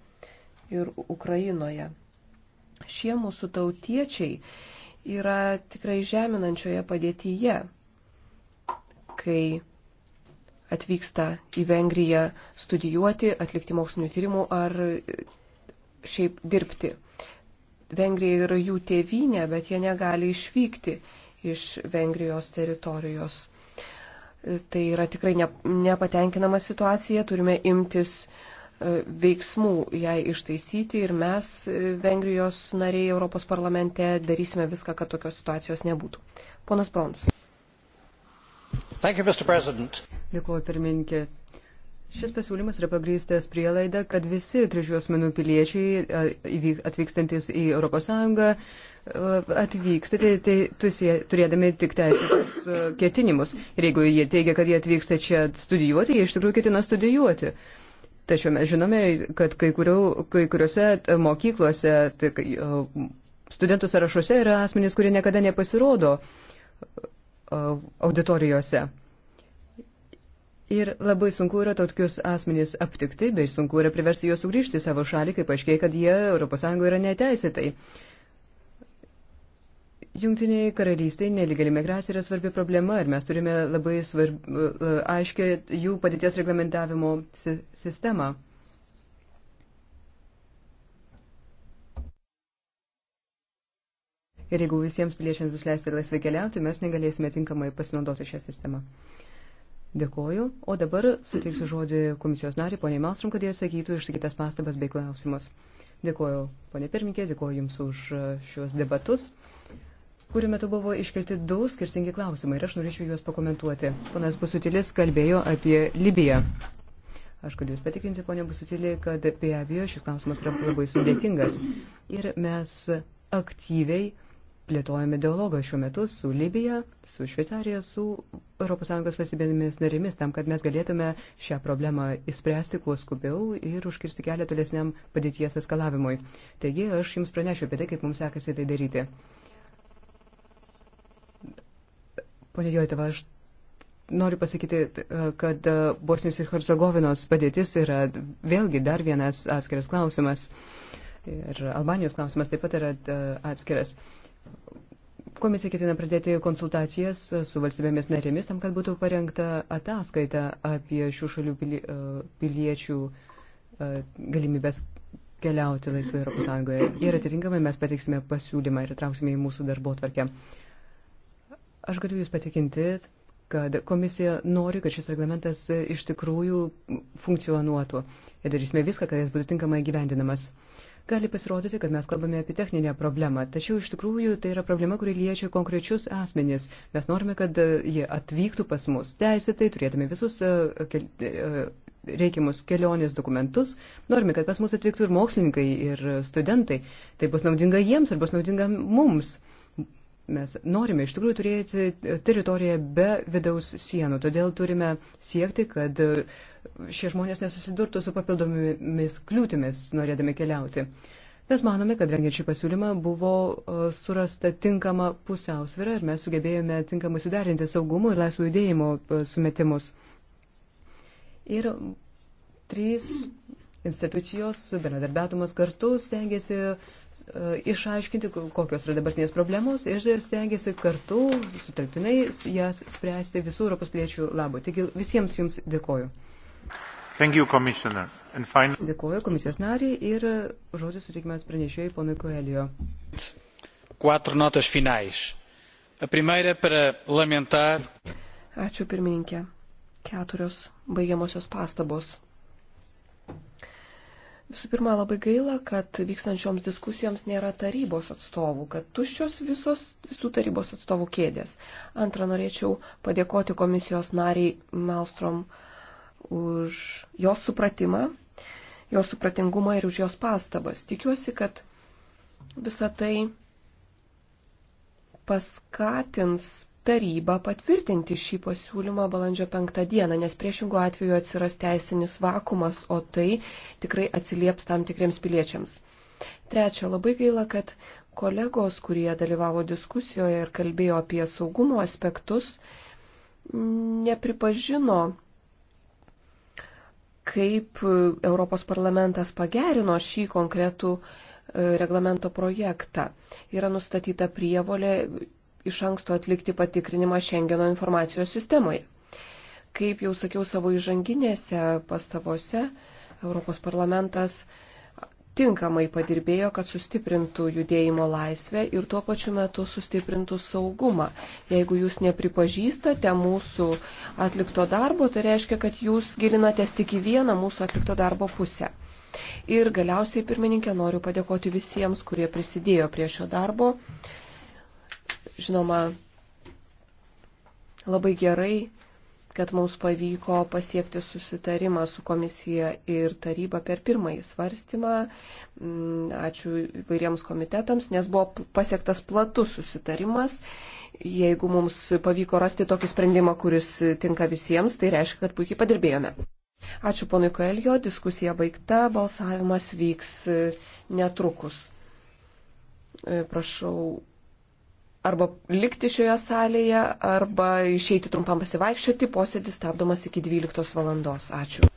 ir Ukrainoje. Šie mūsų tautiečiai yra tikrai žeminančioje padėtyje, kai atvyksta į Vengriją studijuoti, atlikti mokslinių tyrimų ar šiaip dirbti. Vengrija yra jų tėvynė, bet jie negali išvykti iš Vengrijos teritorijos. Tai yra tikrai ne, nepatenkinama situacija, turime imtis e, veiksmų jai ištaisyti ir mes, e, Vengrijos nariai Europos parlamente, darysime viską, kad tokios situacijos nebūtų. Ponas Brons. Dėkuoju, pirmininkė. Šis pasiūlymas yra pagrįstas prielaida, kad visi trečių asmenų piliečiai atvykstantis į ES atvyksta, tai, tai tusie, turėdami tik teisės ketinimus. Ir jeigu jie teigia, kad jie atvyksta čia studijuoti, jie iš tikrųjų ketina studijuoti. Tačiau mes žinome, kad kai, kurių, kai kuriuose mokyklose tai, studentų sąrašuose yra asmenys, kurie niekada nepasirodo auditorijose. Ir labai sunku yra tokius asmenys aptikti, bei sunku yra priversti juos sugrįžti į savo šalį, kai paaiškėja, kad jie ES yra neteisėtai. Jungtiniai karalystiai neligali migracija yra svarbi problema ir mes turime labai svarb, e, aiškę jų padėties reglamentavimo si sistemą. Ir jeigu visiems piliečiams bus leisti laisvai keliauti, mes negalėsime tinkamai pasinaudoti šią sistemą. Dėkoju. O dabar suteiksiu žodį komisijos nariai, poniai Malstrom, kad jie sakytų išsakytas pastabas bei klausimus. Dėkoju, ponė pirmininkė, dėkoju Jums už e, šios debatus, kuriuo metu buvo iškelti du skirtingi klausimai ir aš norėčiau juos pakomentuoti. Ponas Busutilis kalbėjo apie Libiją. Aš galiu Jūs patikinti, ponė Busutilį, kad be abejo šis klausimas yra labai sudėtingas ir mes aktyviai plėtojame dialogą šiuo metu su Libija, su Šveicarija, su ES valstybėmis narėmis, tam, kad mes galėtume šią problemą įspręsti kuo skubiau ir užkirsti kelią tolesniam padėties eskalavimui. Taigi aš Jums pranešiu apie tai, kaip mums sekasi tai daryti. Pone Jojtava, aš noriu pasakyti, kad Bosnijos ir Hercegovinos padėtis yra vėlgi dar vienas atskiras klausimas. Ir Albanijos klausimas taip pat yra atskiras. Komisija ketina pradėti konsultacijas su valstybėmis narėmis tam, kad būtų parengta ataskaita apie šių šalių e, piliečių e, galimybės keliauti laisvai Europos Sąjungoje. Ir atitinkamai mes pateiksime pasiūlymą ir trauksime į mūsų darbo tvarkę. Aš galiu Jūs patikinti, kad komisija nori, kad šis reglamentas iš tikrųjų funkcionuotų ir darysime viską, kad jis būtų tinkamai gyvendinamas gali pasirodyti, kad mes kalbame apie techninę problemą, tačiau iš tikrųjų tai yra problema, kuri liečia konkrečius asmenys. Mes norime, kad e, jie atvyktų pas mus teisėtai, turėtume visus e, e, reikiamus kelionės dokumentus. Norime, kad pas mus atvyktų ir mokslininkai, ir studentai. Tai bus naudinga jiems ir bus naudinga mums. Mes norime iš tikrųjų turėti teritoriją be vidaus sienų, todėl turime siekti, kad uh, šie žmonės nesusidurtų su papildomis kliūtimis, norėdami keliauti. Mes manome, kad rengiant šį pasiūlymą buvo e, surasta tinkama pusiausvėra ir mes sugebėjome tinkamai suderinti saugumo ir laisvų judėjimo e, sumetimus. Ir trys institucijos bendradarbiatumas kartu stengiasi e, išaiškinti, kokios yra dabartinės problemos ir stengiasi kartu sutelktinai jas spręsti visų Europos piliečių labo. Taigi visiems jums dėkoju. You, final... Dėkuoju komisijos nariai ir žodis sutikimas pranešėjai ponui Koelio. Quatro notas finais. A primeira para lamentar. Ačiū pirmininkė. Keturios baigiamosios pastabos. Visų pirma, labai gaila, kad vykstančioms diskusijoms nėra tarybos atstovų, kad tuščios visos, visų tarybos atstovų kėdės. Antra, norėčiau padėkoti komisijos nariai Malstrom už jos supratimą, jos supratingumą ir už jos pastabas. Tikiuosi, kad visa tai paskatins taryba patvirtinti šį pasiūlymą balandžio penktą dieną, nes priešingų atveju atsiras teisinis vakumas, o tai tikrai atsilieps tam tikriems piliečiams. Trečia, labai gaila, kad kolegos, kurie dalyvavo diskusijoje ir kalbėjo apie saugumo aspektus, nepripažino kaip e, Europos parlamentas pagerino šį konkretų e, reglamento projektą. Yra nustatyta prievolė iš anksto atlikti patikrinimą Schengeno informacijos sistemoje. Kaip jau sakiau savo įžanginėse pastabose, Europos parlamentas uh, tinkamai padirbėjo, kad sustiprintų judėjimo laisvę ir tuo pačiu metu sustiprintų saugumą. Jeigu jūs nepripažįstate mūsų atlikto darbo, tai reiškia, kad jūs gilinatės tik į vieną mūsų atlikto darbo pusę. Ir galiausiai, pirmininkė, noriu padėkoti visiems, kurie prisidėjo prie šio darbo. Žinoma, labai gerai kad mums pavyko pasiekti susitarimą su komisija ir taryba per pirmąjį svarstymą. Mm, ačiū įvairiems komitetams, nes buvo pasiektas platus susitarimas. Jeigu mums pavyko rasti tokį sprendimą, kuris tinka visiems, tai reiškia, kad puikiai padirbėjome. Ačiū ponui Koelio, diskusija baigta, balsavimas vyks netrukus. E, prašau arba likti šioje salėje, arba išeiti trumpam pasivaikščioti, posėdis stabdomas iki 12 valandos. Ačiū.